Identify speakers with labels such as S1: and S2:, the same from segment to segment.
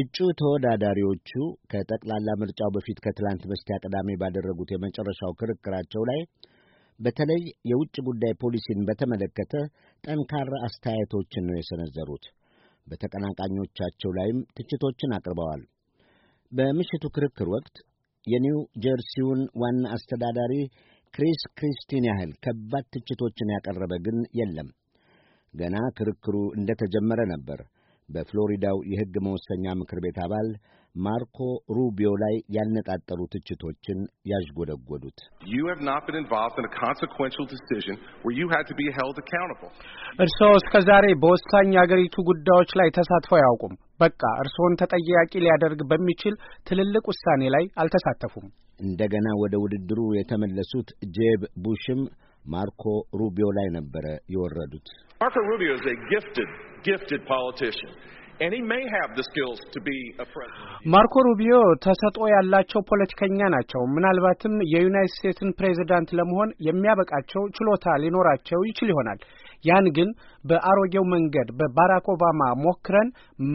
S1: እጩ ተወዳዳሪዎቹ ከጠቅላላ ምርጫው በፊት ከትላንት በስቲያ ቅዳሜ ባደረጉት የመጨረሻው ክርክራቸው ላይ በተለይ የውጭ ጉዳይ ፖሊሲን በተመለከተ ጠንካራ አስተያየቶችን ነው የሰነዘሩት። በተቀናቃኞቻቸው ላይም ትችቶችን አቅርበዋል። በምሽቱ ክርክር ወቅት የኒው ጀርሲውን ዋና አስተዳዳሪ ክሪስ ክሪስቲን ያህል ከባድ ትችቶችን ያቀረበ ግን የለም። ገና ክርክሩ እንደተጀመረ ነበር በፍሎሪዳው የሕግ መወሰኛ ምክር ቤት አባል ማርኮ ሩቢዮ ላይ ያነጣጠሩ ትችቶችን ያዥጎደጎዱት
S2: እርስዎ እስከ ዛሬ በወሳኝ የአገሪቱ ጉዳዮች ላይ ተሳትፈው አያውቁም። በቃ እርስዎን ተጠያቂ ሊያደርግ በሚችል ትልልቅ ውሳኔ ላይ አልተሳተፉም።
S1: እንደገና ወደ ውድድሩ የተመለሱት ጄብ ቡሽም ማርኮ ሩቢዮ ላይ ነበረ የወረዱት።
S2: ማርኮ ሩቢዮ ተሰጥኦ ያላቸው ፖለቲከኛ ናቸው። ምናልባትም የዩናይት ስቴትስን ፕሬዚዳንት ለመሆን የሚያበቃቸው ችሎታ ሊኖራቸው ይችል ይሆናል። ያን ግን በአሮጌው መንገድ በባራክ ኦባማ ሞክረን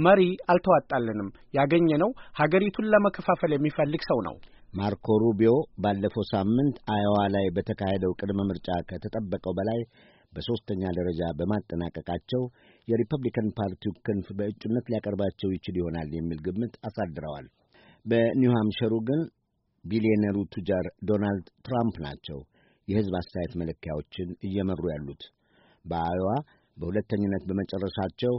S2: መሪ አልተዋጣልንም። ያገኘነው ሀገሪቱን ለመከፋፈል የሚፈልግ ሰው ነው።
S1: ማርኮ ሩቢዮ ባለፈው ሳምንት አዮዋ ላይ በተካሄደው ቅድመ ምርጫ ከተጠበቀው በላይ በሦስተኛ ደረጃ በማጠናቀቃቸው የሪፐብሊካን ፓርቲው ክንፍ በእጩነት ሊያቀርባቸው ይችል ይሆናል የሚል ግምት አሳድረዋል። በኒው ሃምሸሩ ግን ቢሊዮነሩ ቱጃር ዶናልድ ትራምፕ ናቸው የሕዝብ አስተያየት መለኪያዎችን እየመሩ ያሉት። በአዮዋ በሁለተኝነት በመጨረሻቸው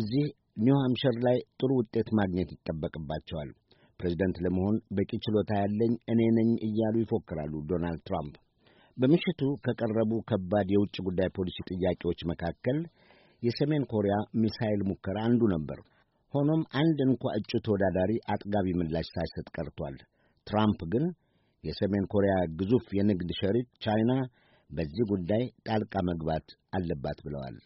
S1: እዚህ ኒው ሃምሸር ላይ ጥሩ ውጤት ማግኘት ይጠበቅባቸዋል። ፕሬዚደንት ለመሆን በቂ ችሎታ ያለኝ እኔ ነኝ እያሉ ይፎክራሉ ዶናልድ ትራምፕ። በምሽቱ ከቀረቡ ከባድ የውጭ ጉዳይ ፖሊሲ ጥያቄዎች መካከል የሰሜን ኮሪያ ሚሳይል ሙከራ አንዱ ነበር። ሆኖም አንድ እንኳ እጩ ተወዳዳሪ አጥጋቢ ምላሽ ሳይሰጥ ቀርቷል። ትራምፕ ግን የሰሜን ኮሪያ ግዙፍ የንግድ ሸሪክ ቻይና በዚህ ጉዳይ ጣልቃ መግባት አለባት ብለዋል።